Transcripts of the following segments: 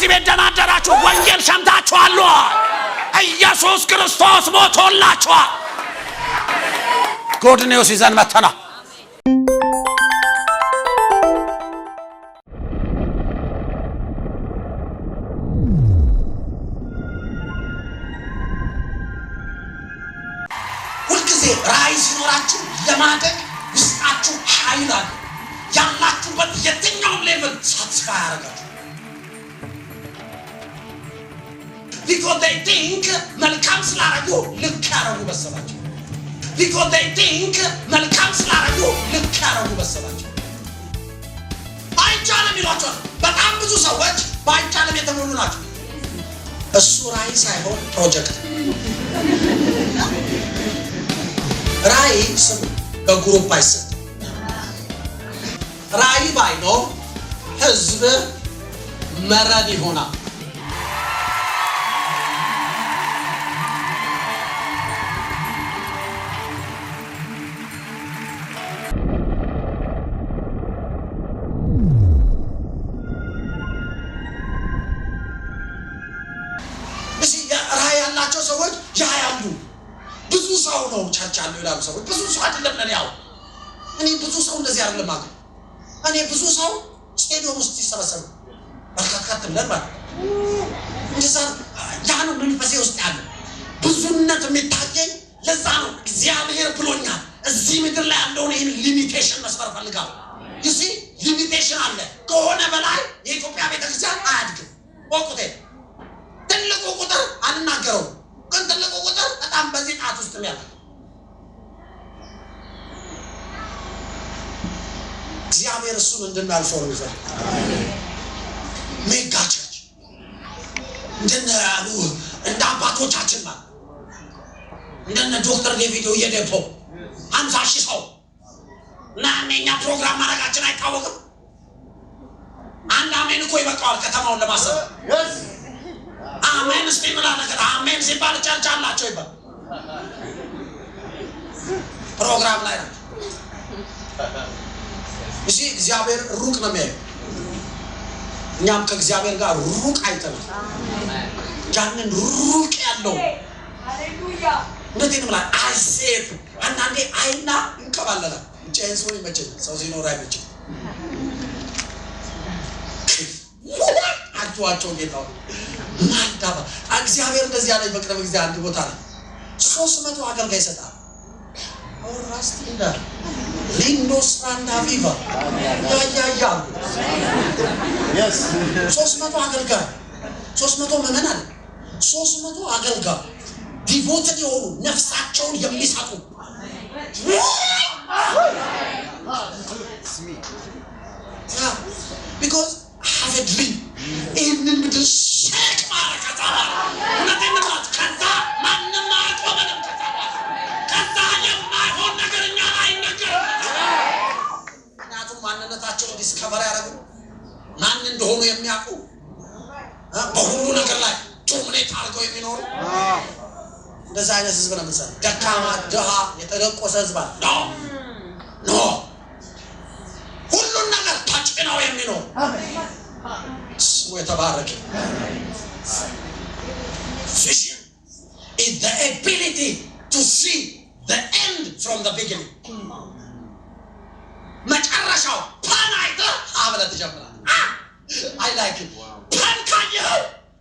በዚህ ቤት ደህና አደራችሁ። ወንጌል ሰምታችኋል። ኢየሱስ ክርስቶስ ሞቶላችኋል። ጉድ ኒውስ ይዘን መተና እሱ ራዕይ ሳይሆን ፕሮጀክት ራዕይ ስሙ በግሩፕ አይሰጥ። ራዕይ ባይኖር ህዝብ መረብ ይሆናል። ዩሲ ሊሚቴሽን አለ። ከሆነ በላይ የኢትዮጵያ ቤተክርስቲያን አያድግም። ወቁቴ ትልቁ ቁጥር አልናገረውም፣ ግን ትልቁ ቁጥር በጣም በዚህ ጣት ውስጥ ያለ እግዚአብሔር እሱን እንድናልፈው ይፈል ሜጋ ቸርች እንደነያሉ እንደ አባቶቻችን እንደነ ዶክተር ዴቪድ የደፖ ሀምሳ ሺህ ሰው እና እኛ ፕሮግራም ማድረጋችን አይታወቅም። አንድ አሜን እኮ ይበቃዋል ከተማውን ለማሰብ። አሜን እስቲ ምላ ነገር አሜን ሲባል ጨርጫ አላቸው ይባል ፕሮግራም ላይ ናቸው። እዚህ እግዚአብሔር ሩቅ ነው የሚያዩ እኛም ከእግዚአብሔር ጋር ሩቅ አይተናል። ያንን ሩቅ ያለው እንደዚህ ምን ብላ አሴት አንዳንዴ አይና እንቀባለላል ብቻዬን ሰው ይመችል ሰው ሲኖር አይመችል። አቸዋቸው ጌታ ማዳባ እግዚአብሔር እንደዚህ ያለኝ በቅርብ ጊዜ አንድ ቦታ ነው ሶስት መቶ አገልጋይ ይሰጣል። ራስቲና ሊንዶ ስራና ቪቫ ያያያ ሶስት መቶ አገልጋይ ሶስት መቶ መመን አለ ሶስት መቶ አገልጋይ ዲቮትን የሆኑ ነፍሳቸውን የሚሰጡ ስሚ ቢኮዝ ሀቭ ድሪም ይህንን ምድር ሸቅ ማድረግ እውነቴን ንግራት ከዛ ማንም አያቆመንም ከዛ የማይሆን ነገር እኛ ላይ ነገር ምክንያቱም ማንነታቸውን ዲስከቨር ያደረጉ ማን እንደሆኑ የሚያውቁ በሁሉ ነገር ላይ ዶሚኔት አድርገው የሚኖሩ እንደዚህ አይነት ህዝብ ነው ምንሰራ ደካማ ድሃ የተደቆሰ ህዝብ አለ ኖ ሁሉን ነገር ተጭነው የሚኖር ስሙ የተባረከ ቪዥን is the ability to መጨረሻው ፓን አይተህ አብለህ ትጀምራለህ። አይ ላይክ ፓን ካየኸው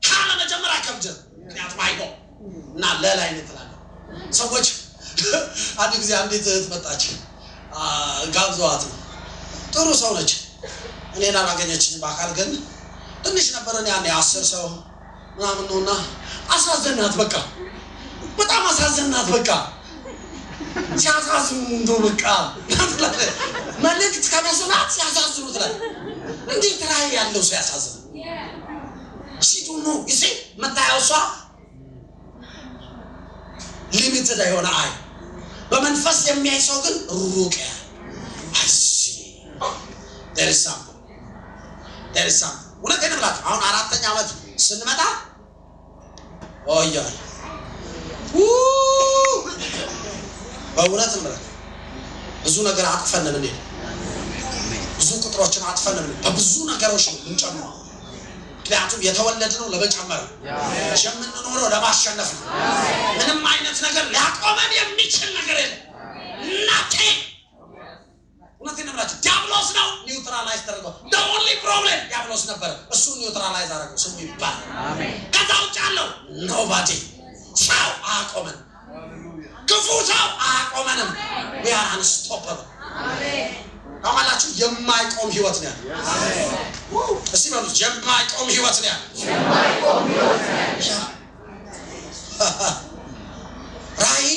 ካለ መጀመሪያ ከብድር ምክንያቱም አይቶ እና ለላይ ትላለህ። ሰዎች አንድ ጊዜ አንዲት እህት መጣች ጋብዘዋት ነው። ጥሩ ሰው ነች። እኔን አላገኘችኝም በአካል ግን ትንሽ ነበረን ያኔ አስር ሰው ምናምን ነውና አሳዘናት። በቃ በጣም አሳዘናት። በቃ ሲያሳዝኑ እንዶ በቃ መልእክት ከመስማት ሲያሳዝኑት ላይ እንዴት ራዕይ ያለው ሰው ያሳዝኑ ሲቱ ነው ጊዜ መታየው እሷ ሊሚትድ የሆነ አይ በመንፈስ የሚያይ ሰው ግን ሩቅ ያል ደርሳ እውነት ብላችሁ አሁን አራተኛ ዓመት ስንመጣ ኦያል በእውነት ምረት ብዙ ነገር አጥፈን ብዙ ቁጥሮችን አጥፈን በብዙ ነገሮች ነው ምንጨምረው ምክንያቱም የተወለድነው ለመጨመር የምንኖረው ለማሸነፍ ነው። ምንም አይነት ነገር ሊያቆመን የሚችል ነገር የለም። ናቴ እውነት ነብራቸ ዲያብሎስ ነው ኒውትራላይዝ ተደርገው ኦንሊ ፕሮብሌም ዲያብሎስ ነበረ። እሱ ኒውትራላይዝ አደረገው ስሙ ይባል። ከዛ ውጭ አለው ኖባዲ ሰው አያቆመን፣ ክፉ ሰው አያቆመንም። ቢያንስቶበ አላችሁ የማይቆም ህይወት ነው ያለ እስቲ በሉት የማይቆም ህይወት ነው ያለ ራእይ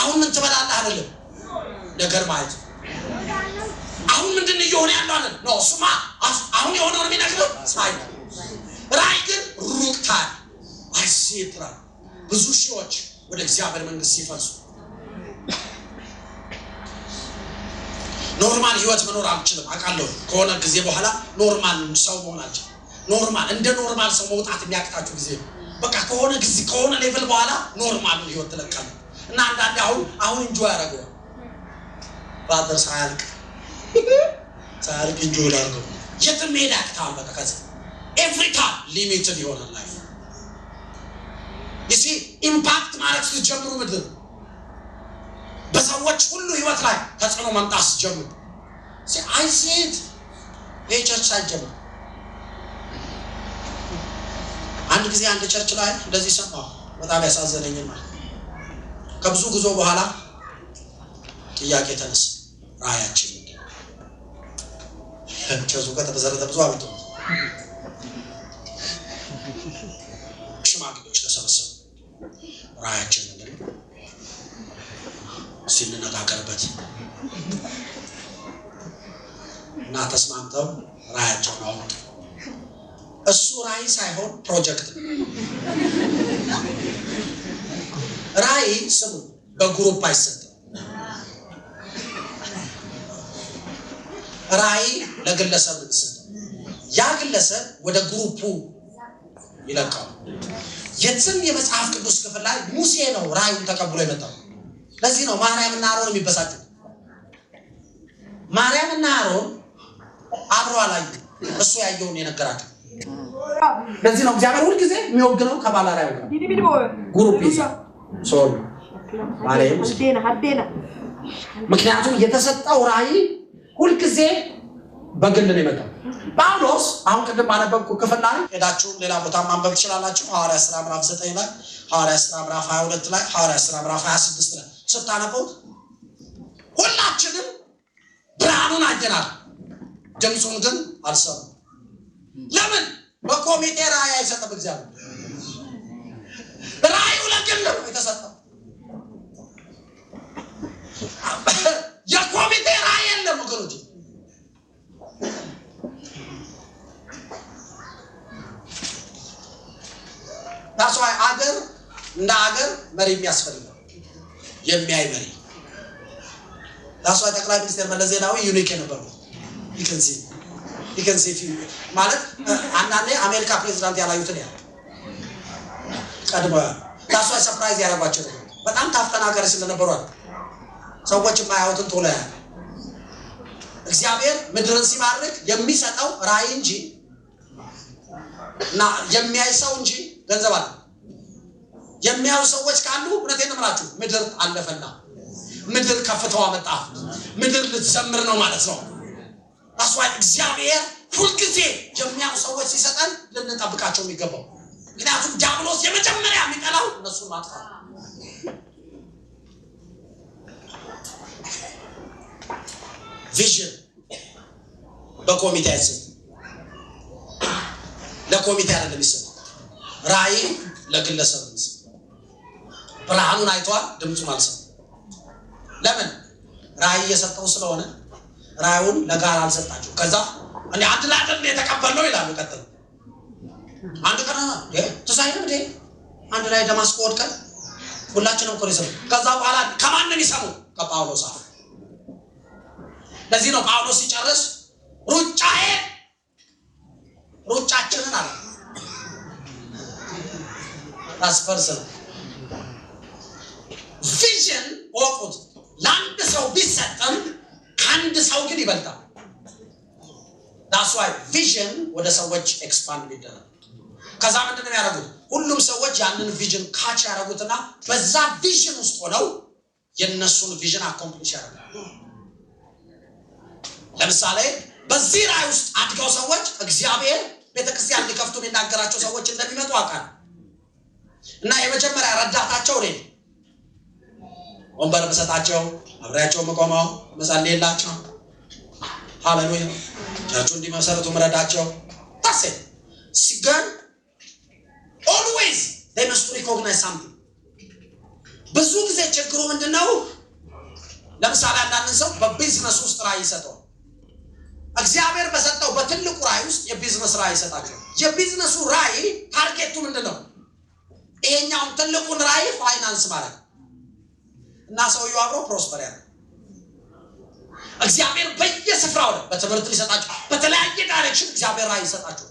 አሁን ምን ትበላለህ አይደለም ነገር ማለት አሁን ምንድን እየሆነ ያለው አለ ነው ስማ አሁን የሆነውን የሚነግርህ ሳይ ራእይ ግን ሩቅ ሩቅታል አይሴትራ ብዙ ሺዎች ወደ እግዚአብሔር መንግስት ሲፈልሱ ኖርማል ህይወት መኖር አልችልም አውቃለሁ። ከሆነ ጊዜ በኋላ ኖርማል ሰው መሆን አልችልም። ኖርማል እንደ ኖርማል ሰው መውጣት የሚያቅታችሁ ጊዜ ነው። በቃ ከሆነ ጊዜ ከሆነ ሌቭል በኋላ ኖርማል ህይወት ትለቃለ እና አንዳንዴ አሁን አሁን እንጆ ያደረገው ባደር ሳያልቅ ሳያልቅ እንጆ ዳርገው የትም ሄድ ያቅታል። በቃ ከዚ ኤፍሪካ ታይም ሊሚትድ ይሆናል ላይፍ ይሲ ኢምፓክት ማለት ስትጀምሩ ምድር በሰዎች ሁሉ ህይወት ላይ ተጽዕኖ መምጣት ሲጀምሩ አይሴት ይህ ቸርች ሳይጀምር አንድ ጊዜ አንድ ቸርች ላይ እንደዚህ ሰማሁ። በጣም ያሳዘነኝ ያሳዘነኝና ከብዙ ጉዞ በኋላ ጥያቄ ተነሳ። ራእያችን ቸርቹ ከተመሰረተ ብዙ አመት ሽማግሌዎች ተሰበሰቡ። ራያችን እስኪ እና ተስማምተው ራያቸውን አወጡ። እሱ ራይ ሳይሆን ፕሮጀክት ነው። ራዕይ ስሙ በግሩፕ አይሰጥም። ራይ ለግለሰብ ንሰጥ ያ ግለሰብ ወደ ግሩፑ ይለቀው። የትም የመጽሐፍ ቅዱስ ክፍል ላይ ሙሴ ነው ራዩን ተቀብሎ የመጣው ለዚህ ነው ማርያም እና አሮን የሚበሳጩት። ማርያም እና አሮን አብሮ አላዩ፣ እሱ ያየውን የነገራቸው። ለዚህ ነው እግዚአብሔር ሁልጊዜ የሚወግነው ከባላራ ያው ምክንያቱም የተሰጠው ራእይ ሁልጊዜ በግል ነው የመጣው። ጳውሎስ አሁን ቅድም ባነበብኩ ክፍል ላይ ሄዳችሁ ሌላ ቦታ ማንበብ ትችላላችሁ። ሐዋርያ ስራ ምዕራፍ ዘጠኝ ላይ፣ ሐዋርያ ስራ ምዕራፍ 22 ላይ፣ ሐዋርያ ስራ ምዕራፍ 26 ላይ ስታነቡት ሁላችንም ብርሃኑን አየናል። ድምፁን ግን አልሰሙ። ለምን? በኮሚቴ ራእይ አይሰጥም። እግዚአብሔር ራእዩ ለግል ነው የተሰጠው። የኮሚቴ ራእይ የለም ወገኖች። ታስዋ አገር እንደ አገር መሪ የሚያስፈልግ የሚያይ መሪ ራሷ ጠቅላይ ሚኒስትር መለስ ዜናዊ ዩኒክ የነበሩ ማለት አንዳንዴ አሜሪካ ፕሬዚዳንት ያላዩትን ያ ቀድሞ ራሷ ሰፕራይዝ ያደረጓቸው በጣም ታፍተናገር ስለነበሩ አለ ሰዎች የማያዩትን ቶሎ ያ እግዚአብሔር ምድርን ሲባርክ የሚሰጠው ራእይ እንጂ እና የሚያይ ሰው እንጂ ገንዘብ አለ የሚያዩ ሰዎች ካሉ እውነት ነው ምድር አለፈና ምድር ከፍተው አመጣ ምድር ልትዘምር ነው ማለት ነው። ራሷ እግዚአብሔር ሁልጊዜ የሚያዩ ሰዎች ሲሰጠን ልንጠብቃቸው የሚገባው ምክንያቱም ዲያብሎስ የመጀመሪያ የሚጠላው እነሱ ማጥፋት። ቪዥን በኮሚቴ አይሰጥ፣ ለኮሚቴ አይደለም ይሰጥ። ራእይ ለግለሰብ ብርሃኑን አይተዋል፣ ድምፁን አልሰማም። ለምን? ራእይ እየሰጠው ስለሆነ ራእዩን ለጋር አልሰጣቸው። ከዛ እንደ አንድ ለአንድ ነው ይላሉ። ቀጥሉ አንድ ቀን ትሳይ ነው አንድ ላይ ደማስቆ ወድቀን ሁላችንም እኮ ይሰሙ። ከዛ በኋላ ከማንም ይሰሙ ከጳውሎስ አፍ። ለዚህ ነው ጳውሎስ ሲጨርስ ሩጫዬ ሩጫችንን አለ ራስፈርስ ነው ቪዥን ወቁት ለአንድ ሰው ቢሰጠም ከአንድ ሰው ግን ይበልጣል። ዳስዋይ ቪዥን ወደ ሰዎች ኤክስፓንድ ቢደረግ ከዛ ምንድን ነው ያደረጉት? ሁሉም ሰዎች ያንን ቪዥን ካች ያደረጉትና በዛ ቪዥን ውስጥ ሆነው የእነሱን ቪዥን አኮምፕሊሽ ያደረጉ። ለምሳሌ በዚህ ራዕይ ውስጥ አድገው ሰዎች እግዚአብሔር ቤተክርስቲያን ሊከፍቱ የሚናገራቸው ሰዎች እንደሚመጡ አውቃለሁ እና የመጀመሪያ ረዳታቸው እኔ ወንበር ብሰጣቸው አብሬያቸው መቆመው ምጸልይላቸው፣ ሃሌሉያ ቸርቹ እንዲመሰርቱ ምረዳቸው። ታሴ ሲጋን ኦልዌይዝ ዴይ መስቱ ሪኮግናይዝ ሳምቲንግ። ብዙ ጊዜ ችግሩ ምንድን ለምሳሌ አንዳንድ ሰው በቢዝነስ ውስጥ ራይ ይሰጠዋል። እግዚአብሔር በሰጠው በትልቁ ራይ ውስጥ የቢዝነስ ራይ ይሰጣቸው። የቢዝነሱ ራይ ታርጌቱ ምንድነው? ነው? ይሄኛውን ትልቁን ራይ ፋይናንስ ማለት ነው እና ሰውየው አብሮ ፕሮስፐር ያለ እግዚአብሔር በየስፍራው ነው። በትምህርት ሊሰጣችሁ በተለያየ ዳይሬክሽን እግዚአብሔር ራዕይ ይሰጣችሁ።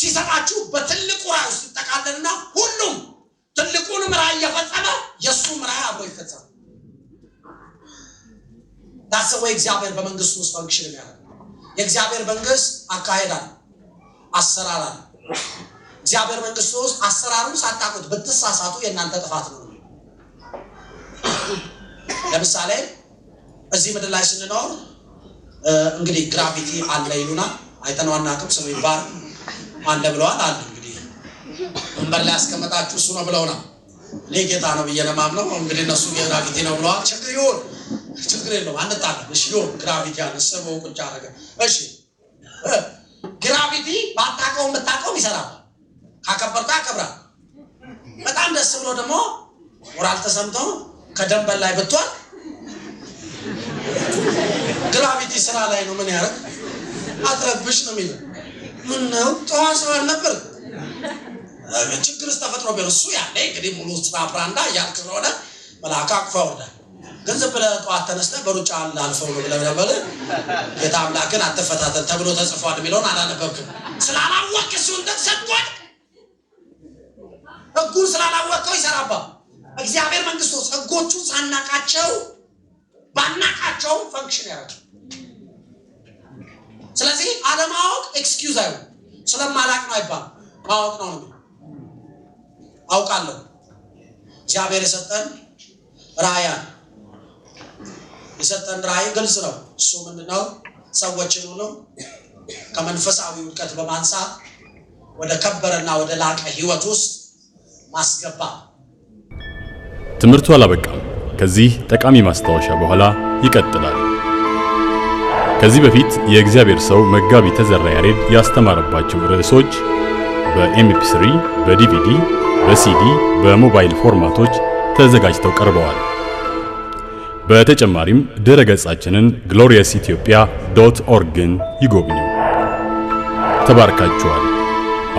ሲሰጣችሁ በትልቁ ራዕይ ውስጥ ይጠቃለልና ሁሉም ትልቁንም ራዕይ እየፈጸመ የእሱም ራዕይ አብሮ ይፈጸማል። ዳስ ወይ እግዚአብሔር በመንግስቱ ውስጥ ፈንክሽን የሚያደርግ የእግዚአብሔር መንግስት አካሄድ አለ፣ እግዚአብሔር መንግስቱ ውስጥ አሰራሩን ሳታውቁት ብትሳሳቱ የእናንተ ጥፋት ነው። ለምሳሌ እዚህ ምድር ላይ ስንኖር እንግዲህ ግራቪቲ አለ ይሉና አይተነው ቅም ስሙ ይባል አለ ብለዋል። አለ እንግዲህ ወንበር ላይ ያስቀመጣችሁ እሱ ነው ብለው ነው። እኔ ጌታ ነው ብዬ ለማምነው እንግዲህ እነሱ ግራቪቲ ነው ብለዋል። ችግር ይሁን ችግር የለው አንጣለም። እሺ ይሁን ግራቪቲ አለ ስበው ቁጭ አረገ። እሺ ግራቪቲ ባታውቀው ብታውቀው ይሰራል። ካከበርኩ ያከብራል። በጣም ደስ ብሎ ደግሞ ወራል ተሰምቶ ከደንበል ላይ ብቷል። ግራቪቲ ስራ ላይ ነው። ምን ያደርግ አትረብሽ ነው የሚለው። ምን ነው ጠዋ ሰው አልነበር ችግርስ ተፈጥሮ እሱ ያለ እንግዲህ ሙሉ ስራ ብራንዳ እያልክ ስለሆነ መልአክ አቅፈ ወርደ ገንዘብ ብለህ ጠዋት ተነስተህ በሩጫ ላልፈው ነው ብለህ ጌታ አምላክን አትፈታተን ተብሎ ተጽፏል የሚለውን አላነበብክም። ስላላወቅ እሱን ተሰጥቷል። ህጉን ስላላወቀው ይሰራባል እግዚአብሔር መንግስቱ ውስጥ ህጎቹን ሳናቃቸው ባናቃቸው ፈንክሽን ያደርጋል። ስለዚህ አለማወቅ ኤክስኪውዝ አይሆ ስለማላቅ ነው አይባል ማወቅ ነው ነው አውቃለሁ። እግዚአብሔር የሰጠን ራያ የሰጠን ራይ ግልጽ ነው። እሱ ምንድነው? ሰዎችን ሁሉ ከመንፈሳዊ ውድቀት በማንሳት ወደ ከበረና ወደ ላቀ ህይወት ውስጥ ማስገባ ትምህርቱ አላበቃም። ከዚህ ጠቃሚ ማስታወሻ በኋላ ይቀጥላል። ከዚህ በፊት የእግዚአብሔር ሰው መጋቢ ተዘራ ያሬድ ያስተማረባቸው ርዕሶች በኤምፒ3 በዲቪዲ በሲዲ በሞባይል ፎርማቶች ተዘጋጅተው ቀርበዋል። በተጨማሪም ድረ ገጻችንን ግሎሪየስ ኢትዮጵያ ዶት ኦርግን ይጎብኙ። ተባርካችኋል።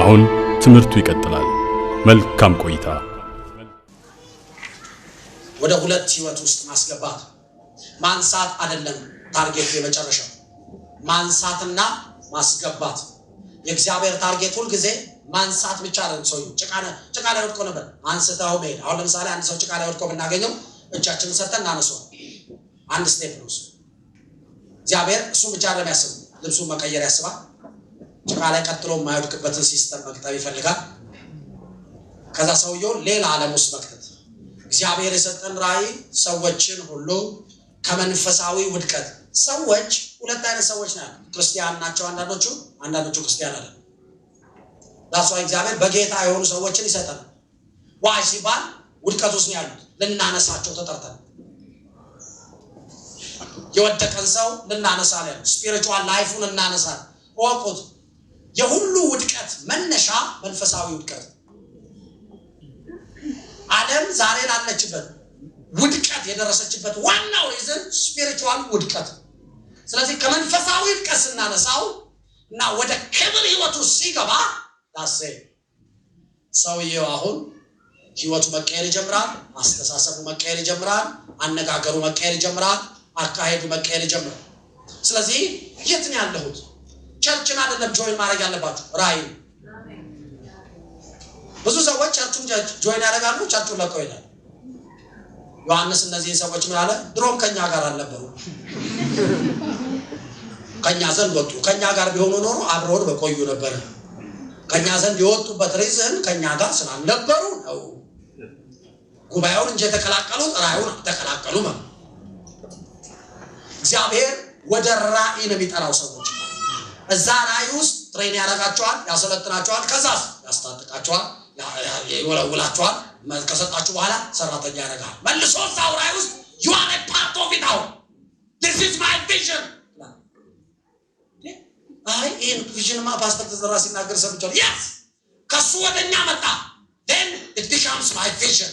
አሁን ትምህርቱ ይቀጥላል። መልካም ቆይታ ወደ ሁለት ህይወት ውስጥ ማስገባት ማንሳት አይደለም። ታርጌት የመጨረሻው ማንሳትና ማስገባት የእግዚአብሔር ታርጌት ሁልጊዜ ማንሳት ብቻ አይደለም። ሰው ጭቃ ላይ ወድቆ ነበር፣ አንስተው መሄድ። አሁን ለምሳሌ አንድ ሰው ጭቃ ላይ ወድቆ ብናገኘው እጃችንን ሰጥተን እናነሷል። አንድ ስቴፕ ነው እሱ። እግዚአብሔር እሱም ብቻ አይደለም ያስብ፣ ልብሱን መቀየር ያስባል። ጭቃ ላይ ቀጥሎ የማይወድቅበትን ሲስተም መቅጠብ ይፈልጋል። ከዛ ሰውየው ሌላ ዓለም ውስጥ መቅጠብ እግዚአብሔር የሰጠን ራእይ ሰዎችን ሁሉ ከመንፈሳዊ ውድቀት ሰዎች ሁለት አይነት ሰዎች ናቸው። ክርስቲያን ናቸው አንዳንዶቹ፣ አንዳንዶቹ ክርስቲያን አለ ራሷ እግዚአብሔር በጌታ የሆኑ ሰዎችን ይሰጠናል። ዋይ ሲባል ውድቀት ውስጥ ያሉት ልናነሳቸው ተጠርተን የወደቀን ሰው ልናነሳ ያሉ ስፒሪቹዋል ላይፉን እናነሳል። ወቁት የሁሉ ውድቀት መነሻ መንፈሳዊ ውድቀት ዓለም ዛሬ ላለችበት ውድቀት የደረሰችበት ዋናው ሪዝን ስፒሪቹዋል ውድቀት። ስለዚህ ከመንፈሳዊ ውድቀት ስናነሳው እና ወደ ክብር ህይወቱ ሲገባ ዳሴ ሰውየው አሁን ህይወቱ መቀየር ይጀምራል። አስተሳሰቡ መቀየር ይጀምራል። አነጋገሩ መቀየር ይጀምራል። አካሄዱ መቀየር ይጀምራል። ስለዚህ የት ነው ያለሁት? ቸርችን አይደለም ጆይን ማድረግ ያለባችሁ ራእይ ብዙ ሰዎች ቸርቹን ጆይን ያደርጋሉ፣ ቸርቹን ለቀው ይላል። ዮሐንስ እነዚህን ሰዎች ምን አለ? ድሮም ከኛ ጋር አልነበሩ፣ ከኛ ዘንድ ወጡ። ከኛ ጋር ቢሆኑ ኖሮ አብረውን በቆዩ ነበር። ከኛ ዘንድ የወጡበት ሪዝን ከኛ ጋር ስላልነበሩ ነው። ጉባኤውን እንጂ የተቀላቀሉት ራእዩን አልተቀላቀሉ ማለት እግዚአብሔር ወደ ራእይ ነው የሚጠራው ሰዎች እዛ ራእይ ውስጥ ትሬን ያደርጋቸዋል፣ ያሰለጥናቸዋል፣ ከዛ ያስታጥቃቸዋል። ይወለውላችኋል። ከሰጣችሁ በኋላ ሰራተኛ ያደርጋል። መልሶ እዛው ራዕይ ውስጥ ዩ አር ፓርት ኦፍ ኢት አሁን ዲስ ኢዝ ማይ ቪዥን። አይ ይህን ቪዥንማ ፓስተር ተዘራ ሲናገር ሰምቻለሁ። የስ ከሱ ወደ እኛ መጣ። ን ኢት ቢካምስ ማይ ቪዥን።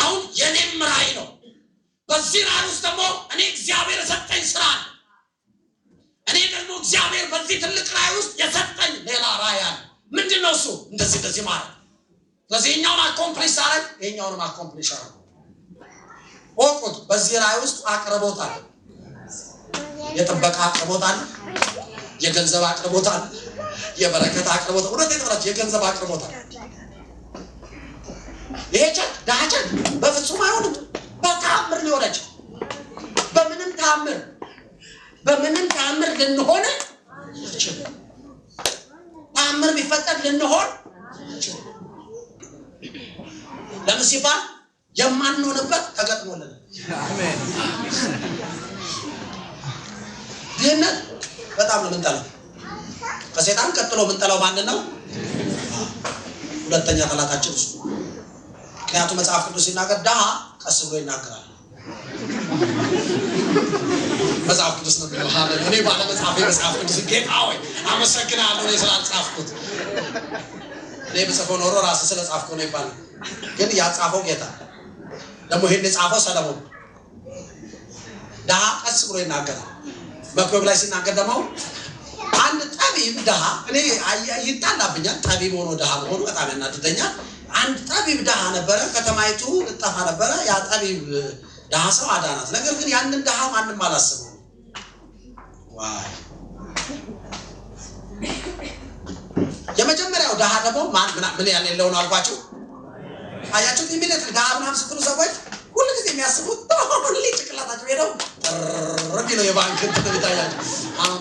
አሁን የኔም ራዕይ ነው። በዚህ ውስጥ ደግሞ እኔ እግዚአብሔር የሰጠኝ ስራ አለ። እኔ ደግሞ እግዚአብሔር በዚህ ትልቅ ራዕይ ውስጥ የሰጠኝ ሌላ አለ። ምንድን ነው እሱ? እንደዚህ እንደዚህ ማለት ስለዚህ የኛውን አኮምፕሊሽ ሳረግ የኛውንም አኮምፕሊሽ አረግ ወቁት። በዚህ ራእይ ውስጥ አቅርቦት አለ፣ የጥበቃ አቅርቦት አለ፣ የገንዘብ አቅርቦት አለ፣ የበረከት አቅርቦት ሁለት የጥረት የገንዘብ አቅርቦት አለ። ይሄ ቸግ ድሀ ቸግ በፍጹም አይሆንም። በተአምር ሊሆነች በምንም ተአምር በምንም ተአምር ልንሆን ተአምር ቢፈጠር ልንሆን ሲባል የማንሆንበት ተገጥሞልን። ድህነት በጣም ነው የምንጠላው። ከሴጣን ቀጥሎ የምንጠላው ማንን ነው? ሁለተኛ ጠላታችን እሱ። ምክንያቱም መጽሐፍ ቅዱስ ሲናገር ድሃ ቀስ ብሎ ይናገራል። መጽሐፍ ቅዱስ ነው የሚለው። እኔ ባለመጽሐፍ መጽሐፍ መጽሐፍ ቅዱስ ጌታ ሆይ አመሰግናለሁ ስላልጻፍኩት እኔ ብጽፈው ኖሮ ራስ ስለ ጻፍኩ ነው ይባላል። ግን ያጻፈው ጌታ ደግሞ ይህን የጻፈው ሰለሞን ድሃ ቀስ ብሎ ይናገራል። መክብብ ላይ ሲናገር ደግሞ አንድ ጠቢብ ድሃ እኔ ይጣላብኛል። ጠቢብ ሆኖ ድሃ መሆኑ በጣም ያናድደኛል። አንድ ጠቢብ ድሃ ነበረ፣ ከተማይቱ ልጠፋ ነበረ። ያ ጠቢብ ድሃ ሰው አዳናት። ነገር ግን ያንን ድሃ ማንም አላስበው። ድሃ ደግሞ ማን ምን ያለ የለው ነው አልኳቸው። አያችሁት? ኢሚዲየት ድሃ ምናምን ስትሉ ሰዎች ሁሉ ጊዜ የሚያስቡት ሁሌ ጭንቅላታቸው ሄደው ረቢ ነው የባንክ ትታያቸው አሁን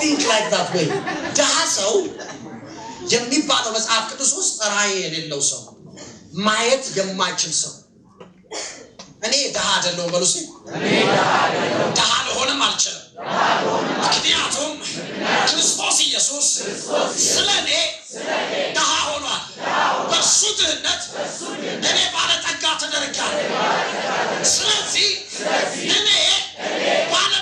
ቲንክ ላይክ ዳት ድሃ ሰው የሚባለው መጽሐፍ ቅዱስ ውስጥ ራዕይ የሌለው ሰው ማየት የማይችል ሰው እኔ ድሃ አይደለሁም በሉስ። ድሃ ልሆንም አልችልም። ምክንያቱም ክርስቶስ ኢየሱስ ስለ እኔ ድሃ ሆኗል። በእሱ ድህነት እኔ ባለጠጋ ተደርጋለሁ። ስለዚህ እኔ ባለ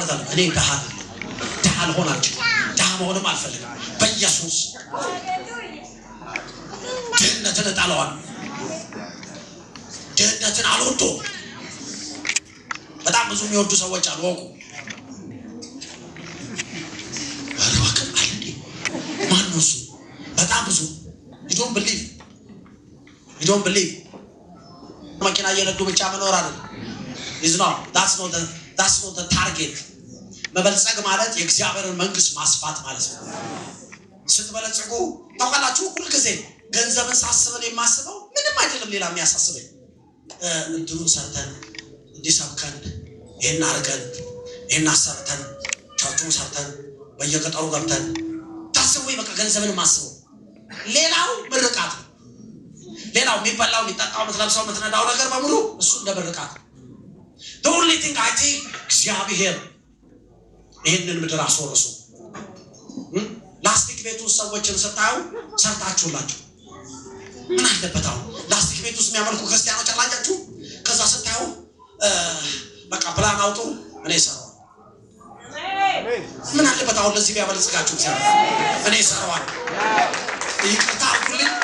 ማለት አለ እኔ ድሃ ድሃ ልሆን አልችልም። ድሃ መሆንም አልፈልግም። በኢየሱስ ድህነትን እጣለዋል። ድህነትን አልወዶ በጣም ብዙ የሚወዱ ሰዎች አልወቁ ማነሱ በጣም ብዙ ዩዶን ብሊቭ ዩዶን ብሊቭ መኪና እየነዱ ብቻ መኖር አለ ኢዝ ኖት ታርጌት መበልጸግ ማለት የእግዚአብሔርን መንግስት ማስፋት ማለት ነው። ስትበለጽጉ ታውቃላችሁ። ሁልጊዜ ገንዘብን ሳስብን የማስበው ምንም አይደለም። ሌላ የሚያሳስበኝ እንትኑ ሰርተን እንዲሰብከን ይህን አርገን ይህን አሰርተን ቸርቹን ሰርተን በየገጠሩ ገብተን ታስቡ። በቃ ገንዘብን ማስበው ሌላው ምርቃት ነው። ሌላው የሚበላው፣ የሚጠጣው፣ የምትለብሰው፣ የምትነዳው ነገር በሙሉ እሱ እንደ ምርቃት ነው። ሁሌ እግዚአብሔር ይህንን ምድር አስወርሱ። ላስቲክ ቤት ውስጥ ሰዎችን ስታዩ ሰርታችሁላቸው ምን አለበት? አሁን ላስቲክ ቤት ውስጥ የሚያመልኩ ክርስቲያኖች አላያችሁ? ከዛ ስታዩ በቃ ፕላን አውጡ፣ እኔ ሰራዋል። ምን አለበት? አሁን ለዚህ ቢያበለጽጋችሁ እኔ ሰራዋል። ይቅርታ አድርጉልኝ፣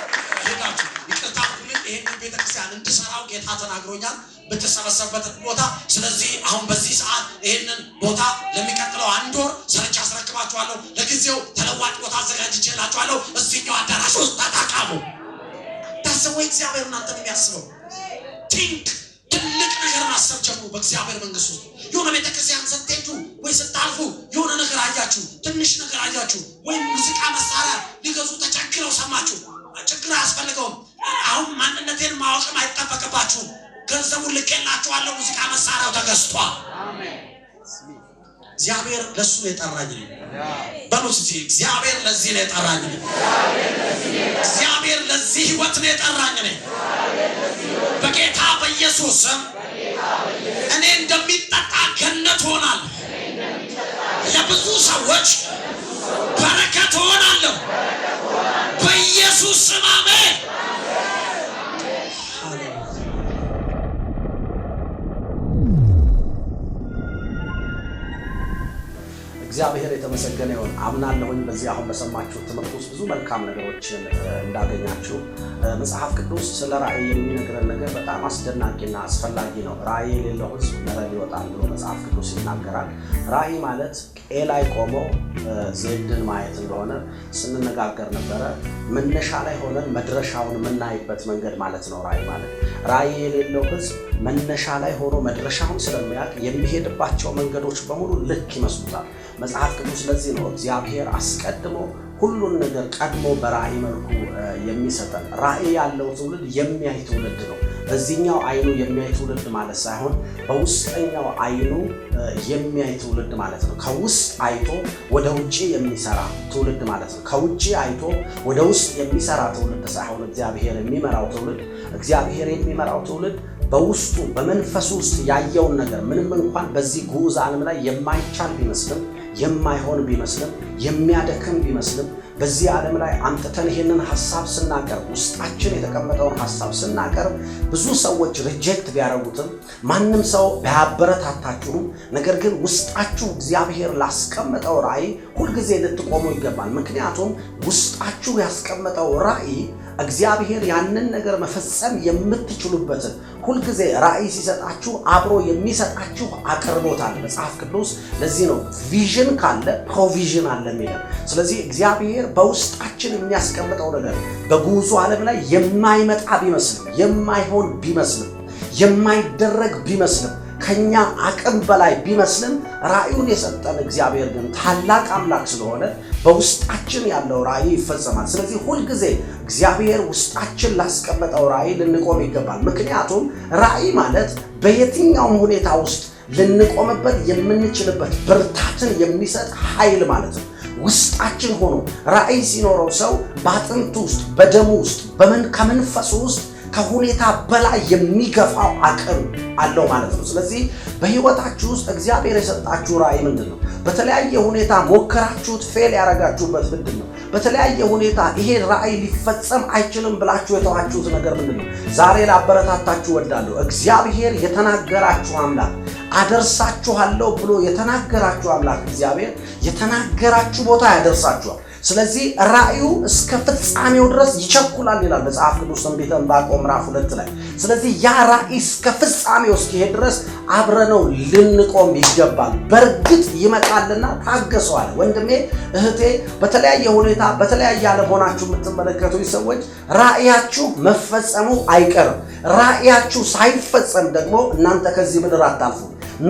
ይቅርታ አድርጉልኝ፣ ይህንን ቤተክርስቲያን እንድሰራው ጌታ ተናግሮኛል። በተሰበሰበበት ቦታ። ስለዚህ አሁን በዚህ ሰዓት ይህንን ቦታ ለሚቀጥለው አንድ ወር ሰርች አስረክባችኋለሁ። ለጊዜው ተለዋጭ ቦታ አዘጋጅቼላችኋለሁ። እዚህኛው አዳራሽ ውስጥ ተጠቀሙ። ታስቦ እግዚአብሔር እናንተን የሚያስበው ቲንክ ትልቅ ነገር ማሰብ ጀምሩ። በእግዚአብሔር መንግስት ውስጥ የሆነ ቤተክርስቲያን ስትሄዱ ወይ ስታልፉ የሆነ ነገር አያችሁ፣ ትንሽ ነገር አያችሁ፣ ወይም ሙዚቃ መሳሪያ ሊገዙ ተቸግረው ሰማችሁ። ችግር አያስፈልገውም። አሁን ማንነቴን ማወቅም አይጠበቅባችሁም። ገንዘቡን ልኬላችኋለሁ። ሙዚቃ መሳሪያው ተገዝቷል። እግዚአብሔር ለሱ ነው የጠራኝ ነው በሉት። እግዚአብሔር ለዚህ ነው የጠራኝ ነው። እግዚአብሔር ለዚህ ህይወት ነው የጠራኝ ነው። በጌታ በኢየሱስ ስም እኔ እንደሚጠጣ ገነት ሆናል። ለብዙ ሰዎች በረከት ሆናለሁ። በኢየሱስ ስም አሜን። እግዚአብሔር የተመሰገነ ይሆን አምናለሁኝ በዚህ አሁን በሰማችሁ ትምህርት ውስጥ ብዙ መልካም ነገሮችን እንዳገኛችሁ። መጽሐፍ ቅዱስ ስለ ራእይ የሚነግረን ነገር በጣም አስደናቂና አስፈላጊ ነው። ራእይ የሌለው ህዝብ መረብ ይወጣል ብሎ መጽሐፍ ቅዱስ ይናገራል። ራእይ ማለት ኤላይ ቆሞ ዘይድን ማየት እንደሆነ ስንነጋገር ነበረ። መነሻ ላይ ሆነን መድረሻውን የምናይበት መንገድ ማለት ነው ራእይ ማለት። ራእይ የሌለው ህዝብ መነሻ ላይ ሆኖ መድረሻውን ስለሚያቅ የሚሄድባቸው መንገዶች በሙሉ ልክ ይመስሉታል። መጽሐፍ ቅዱስ ለዚህ ነው እግዚአብሔር አስቀድሞ ሁሉን ነገር ቀድሞ በራእይ መልኩ የሚሰጠን። ራእይ ያለው ትውልድ የሚያይ ትውልድ ነው። በዚህኛው አይኑ የሚያይ ትውልድ ማለት ሳይሆን በውስጠኛው አይኑ የሚያይ ትውልድ ማለት ነው። ከውስጥ አይቶ ወደ ውጭ የሚሰራ ትውልድ ማለት ነው። ከውጭ አይቶ ወደ ውስጥ የሚሰራ ትውልድ ሳይሆን እግዚአብሔር የሚመራው ትውልድ እግዚአብሔር የሚመራው ትውልድ በውስጡ በመንፈሱ ውስጥ ያየውን ነገር ምንም እንኳን በዚህ ጉዝ ዓለም ላይ የማይቻል ቢመስልም የማይሆን ቢመስልም የሚያደክም ቢመስልም በዚህ ዓለም ላይ አምጥተን ይህንን ሀሳብ ስናቀርብ ውስጣችን የተቀመጠውን ሀሳብ ስናቀርብ ብዙ ሰዎች ሪጀክት ቢያደርጉትም ማንም ሰው ባያበረታታችሁም፣ ነገር ግን ውስጣችሁ እግዚአብሔር ላስቀመጠው ራእይ ሁልጊዜ ልትቆሙ ይገባል። ምክንያቱም ውስጣችሁ ያስቀመጠው ራእይ እግዚአብሔር ያንን ነገር መፈጸም የምትችሉበትን ሁልጊዜ ራእይ ሲሰጣችሁ አብሮ የሚሰጣችሁ አቅርቦታል መጽሐፍ ቅዱስ። ለዚህ ነው ቪዥን ካለ ፕሮቪዥን አለ የሚለን። ስለዚህ እግዚአብሔር በውስጣችን የሚያስቀምጠው ነገር በጉዞ ዓለም ላይ የማይመጣ ቢመስልም፣ የማይሆን ቢመስልም፣ የማይደረግ ቢመስልም ከኛ አቅም በላይ ቢመስልም ራእዩን የሰጠን እግዚአብሔር ግን ታላቅ አምላክ ስለሆነ በውስጣችን ያለው ራእይ ይፈጸማል። ስለዚህ ሁልጊዜ እግዚአብሔር ውስጣችን ላስቀመጠው ራእይ ልንቆም ይገባል። ምክንያቱም ራእይ ማለት በየትኛውም ሁኔታ ውስጥ ልንቆምበት የምንችልበት ብርታትን የሚሰጥ ኃይል ማለት ነው። ውስጣችን ሆኖ ራእይ ሲኖረው ሰው በአጥንቱ ውስጥ፣ በደሙ ውስጥ፣ ከመንፈሱ ውስጥ ከሁኔታ በላይ የሚገፋው አቅም አለው ማለት ነው። ስለዚህ በህይወታችሁ ውስጥ እግዚአብሔር የሰጣችሁ ራእይ ምንድን ነው? በተለያየ ሁኔታ ሞከራችሁት፣ ፌል ያደረጋችሁበት ምንድን ነው? በተለያየ ሁኔታ ይሄ ራእይ ሊፈጸም አይችልም ብላችሁ የተዋችሁት ነገር ምንድን ነው? ዛሬ ላበረታታችሁ ወዳለሁ። እግዚአብሔር የተናገራችሁ አምላክ አደርሳችኋለሁ ብሎ የተናገራችሁ አምላክ እግዚአብሔር የተናገራችሁ ቦታ ያደርሳችኋል። ስለዚህ ራእዩ እስከ ፍጻሜው ድረስ ይቸኩላል ይላል መጽሐፍ ቅዱስ ትንቢተ ዕንባቆም ምዕራፍ ሁለት ላይ። ስለዚህ ያ ራእይ እስከ ፍጻሜው እስኪሄድ ድረስ አብረነው ልንቆም ይገባል። በእርግጥ ይመጣልና ታገሰዋል። ወንድሜ እህቴ፣ በተለያየ ሁኔታ በተለያየ ዓለም ሆናችሁ የምትመለከቱ ሰዎች ራእያችሁ መፈጸሙ አይቀርም። ራእያችሁ ሳይፈጸም ደግሞ እናንተ ከዚህ ምድር አታልፉ።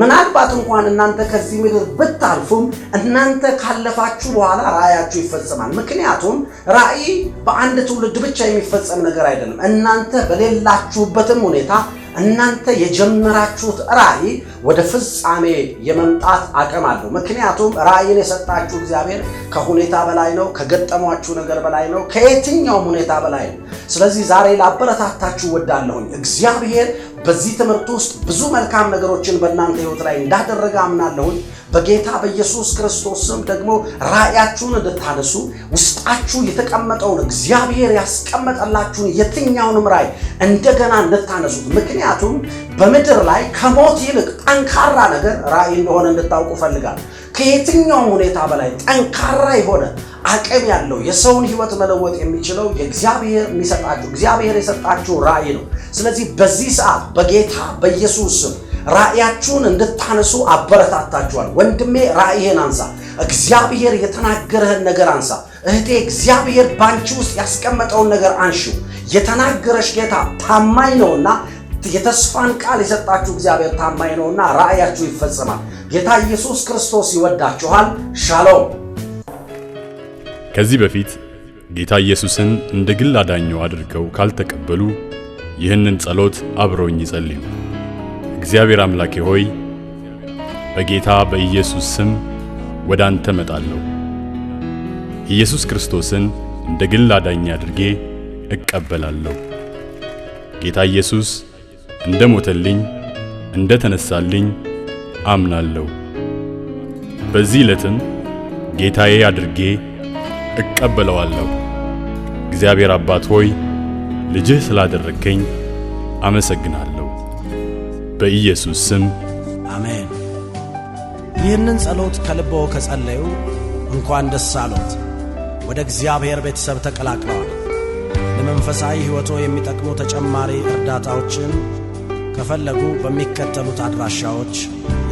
ምናልባት እንኳን እናንተ ከዚህ ምድር ብታልፉም እናንተ ካለፋችሁ በኋላ ራእያችሁ ይፈጸማል። ምክንያቱም ራእይ በአንድ ትውልድ ብቻ የሚፈጸም ነገር አይደለም። እናንተ በሌላችሁበትም ሁኔታ እናንተ የጀመራችሁት ራእይ ወደ ፍጻሜ የመምጣት አቅም አለው። ምክንያቱም ራእይን የሰጣችሁ እግዚአብሔር ከሁኔታ በላይ ነው፣ ከገጠሟችሁ ነገር በላይ ነው፣ ከየትኛውም ሁኔታ በላይ ነው። ስለዚህ ዛሬ ላበረታታችሁ ወዳለሁኝ እግዚአብሔር በዚህ ትምህርት ውስጥ ብዙ መልካም ነገሮችን በእናንተ ህይወት ላይ እንዳደረገ አምናለሁኝ። በጌታ በኢየሱስ ክርስቶስ ስም ደግሞ ራእያችሁን እንድታነሱ ውስጣችሁ የተቀመጠውን እግዚአብሔር ያስቀመጠላችሁን የትኛውንም ራእይ እንደገና እንድታነሱት፣ ምክንያቱም በምድር ላይ ከሞት ይልቅ ጠንካራ ነገር ራእይ እንደሆነ እንድታውቁ ፈልጋል። ከየትኛውም ሁኔታ በላይ ጠንካራ የሆነ አቅም ያለው የሰውን ህይወት መለወጥ የሚችለው የእግዚአብሔር የሚሰጣችሁ እግዚአብሔር የሰጣችሁ ራእይ ነው። ስለዚህ በዚህ ሰዓት በጌታ በኢየሱስ ራእያችሁን እንድታነሱ አበረታታችኋል። ወንድሜ ራእይህን አንሳ። እግዚአብሔር የተናገረህን ነገር አንሳ። እህቴ እግዚአብሔር ባንቺ ውስጥ ያስቀመጠውን ነገር አንሺው። የተናገረሽ ጌታ ታማኝ ነውና የተስፋን ቃል የሰጣችሁ እግዚአብሔር ታማኝ ነውና ራእያችሁ ይፈጸማል። ጌታ ኢየሱስ ክርስቶስ ይወዳችኋል። ሻሎም። ከዚህ በፊት ጌታ ኢየሱስን እንደ ግል አዳኘው አድርገው ካልተቀበሉ ይህንን ጸሎት አብረውኝ ይጸልዩ። እግዚአብሔር አምላኬ ሆይ በጌታ በኢየሱስ ስም ወደ አንተ መጣለሁ። ኢየሱስ ክርስቶስን እንደ ግል አዳኝ አድርጌ እቀበላለሁ። ጌታ ኢየሱስ እንደ ሞተልኝ እንደ ተነሳልኝ አምናለሁ። በዚህ ዕለትም ጌታዬ አድርጌ እቀበለዋለሁ። እግዚአብሔር አባት ሆይ ልጅህ ስላደረግከኝ አመሰግናለሁ። በኢየሱስ ስም አሜን። ይህንን ጸሎት ከልቦ ከጸለዩ እንኳን ደስ አሎት፣ ወደ እግዚአብሔር ቤተሰብ ተቀላቅለዋል። ለመንፈሳዊ ሕይወቶ የሚጠቅሙ ተጨማሪ እርዳታዎችን ከፈለጉ በሚከተሉት አድራሻዎች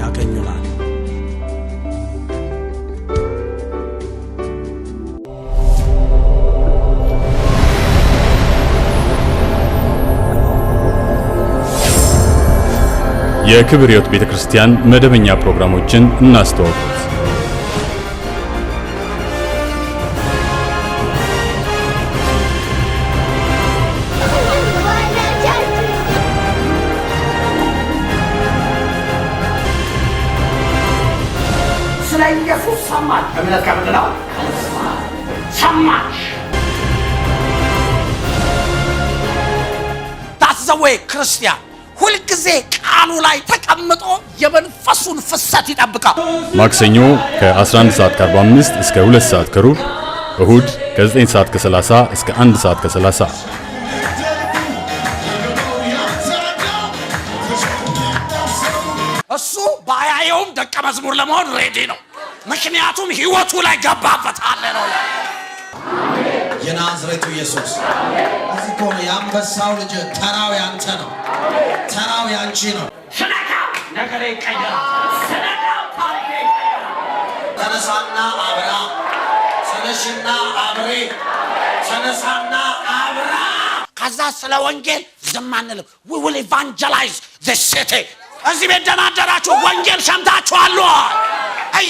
ያገኙናል። የክብር ሕይወት ቤተ ክርስቲያን መደበኛ ፕሮግራሞችን እናስተዋውቁት። መለካ ምንድን ነው? ሰማች። ታዘወይ ክርስቲያን ሁልጊዜ ቃሉ ላይ ተቀምጦ የመንፈሱን ፍሰት ይጠብቃል። ማክሰኞ ከ11 ሰዓት ከ45 እስከ 2 ሰዓት ከሩብ፣ እሁድ ከ9 ሰዓት ከ30 እስከ 1 ሰዓት ከ30። እሱ ባያየውም ደቀ መዝሙር ለመሆን ሬዲ ነው። ምክንያቱም ህይወቱ ላይ ገባበት። ሃሌሉያ የናዝሬቱ ኢየሱስ እዚህ ከሆነ የአንበሳው ልጅ ተራው ያንተ ነው፣ ተራው ያንቺ ነው። ነገሬ ይቀየራል። ተነሳና አብራ፣ ተነሽና አብሬ፣ ተነሳና አብራ። ከዛ ስለ ወንጌል ዝም አንልም። ዊ ዊል ኢቫንጀላይዝ ዘ ሲቲ። እዚህ ቤት ደናደራችሁ ወንጌል ሰምታችኋል።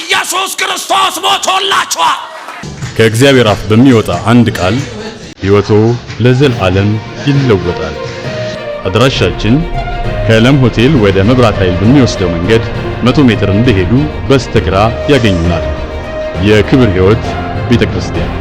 ኢየሱስ ክርስቶስ ሞቶላችኋል። ከእግዚአብሔር አፍ በሚወጣ አንድ ቃል ሕይወቶ ለዘላለም ይለወጣል። አድራሻችን ከለም ሆቴል ወደ መብራት ኃይል በሚወስደው መንገድ 100 ሜትር እንደሄዱ በስተግራ ያገኙናል። የክብር ሕይወት ቤተክርስቲያን